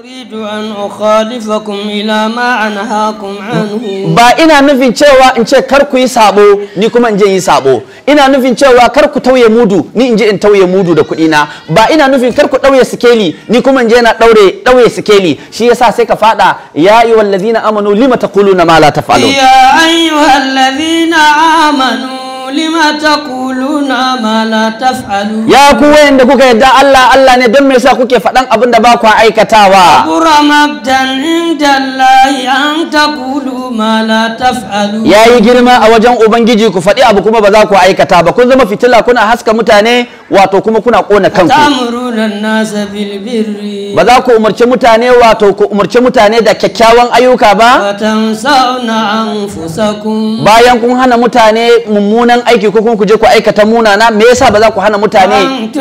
أريد أن أخالفكم إلى cewa in ce kar ku yi sabo ni kuma in je yi sabo ina nufin cewa kar ku tauye mudu ni in je in tauye mudu da kuɗi na ba ina nufin kar ku ɗauye sikeli ni kuma in je na ɗaure ɗauye sikeli shi yasa sai ka faɗa ya ayyuhal ladina amanu lima taquluna ma la taf'alun ya ayyuhal ma la taf'alu ya ku wayanda kuka yadda Allah Allah ne don me yasa kuke fadan abin da ba ku aikatawa kabura mabdan an taqulu ma la taf'alu yayi girma a wajen ubangiji ku fadi abu kuma ba za ku aikata ba kun zama fitila kuna haska mutane wato kuma kuna kona kanku ba za ku umarci mutane wato ku umarci mutane da kyakkyawan ayyuka ba bayan kun hana mutane mummunan aiki ko kun ku je ku aikata munana me yasa ba za ku hana mutane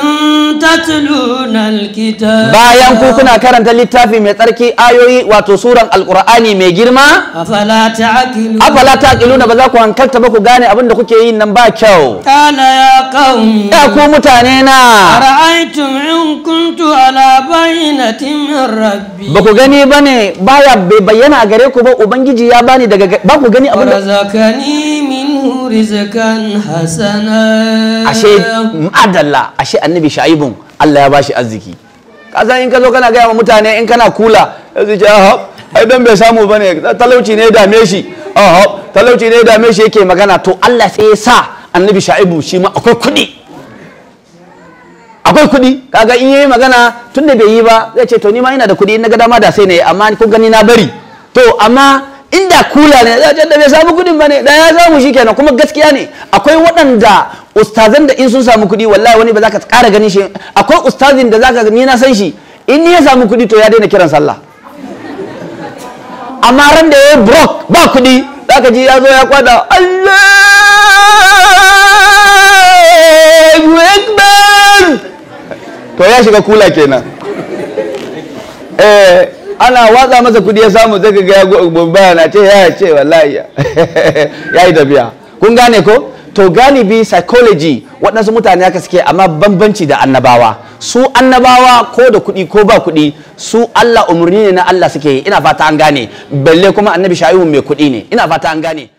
bayan ku kuna karanta littafi mai tsarki ayoyi wato suran alqur'ani mai girma afala ta'qiluna ba za ku hankalta ba ku gane abin da kuke yi nan ba kyau kana ya qaum ya ku mutane na ra'aytum in kuntu ala bayinatin min rabbi ba ku gani bane baya bai bayyana a gare ku ba ubangiji ya bani daga ba ku gani abin da rizqan hasana ashe adalla ashe annabi shaibun Allah ya bashi arziki kaza in ka zo kana gaya wa mutane in kana kula yanzu ce ha ah, ai dan bai samu bane talauci ne da dame shi ah talauci ne da dame shi yake magana to Allah sai ya sa annabi shaibu shi ma akwai kuɗi akwai kuɗi kaga in yayi magana tunda bai yi ba zai ce to ni ma ina da kuɗi in na ga dama da sai na yi amma kun gani na bari to amma inda kula ne za da bai samu kudin ba ne da ya samu shi kenan kuma gaskiya ne akwai waɗanda ustazan da in sun samu kudi wallahi wani ba za ka ƙara ganin shi akwai ustazin da za ka ni na san shi in ni ya samu kudi to ya daina kiran sallah amma ran da ya brok ba kudi za ka ji ya zo ya kwada Allahu Akbar to ya shiga kula kenan eh ana watsa masa kudi ya samu zai ga ya baya na ce ya ce wallahi ya yi tafiya kun gane ko to galibi psychology waɗansu mutane haka suke amma bambanci da annabawa su annabawa ko da kuɗi ko ba kuɗi su Allah umarni ne na Allah suke yi ina fata an gane balle kuma annabi shayihu mai kuɗi ne ina fata an gane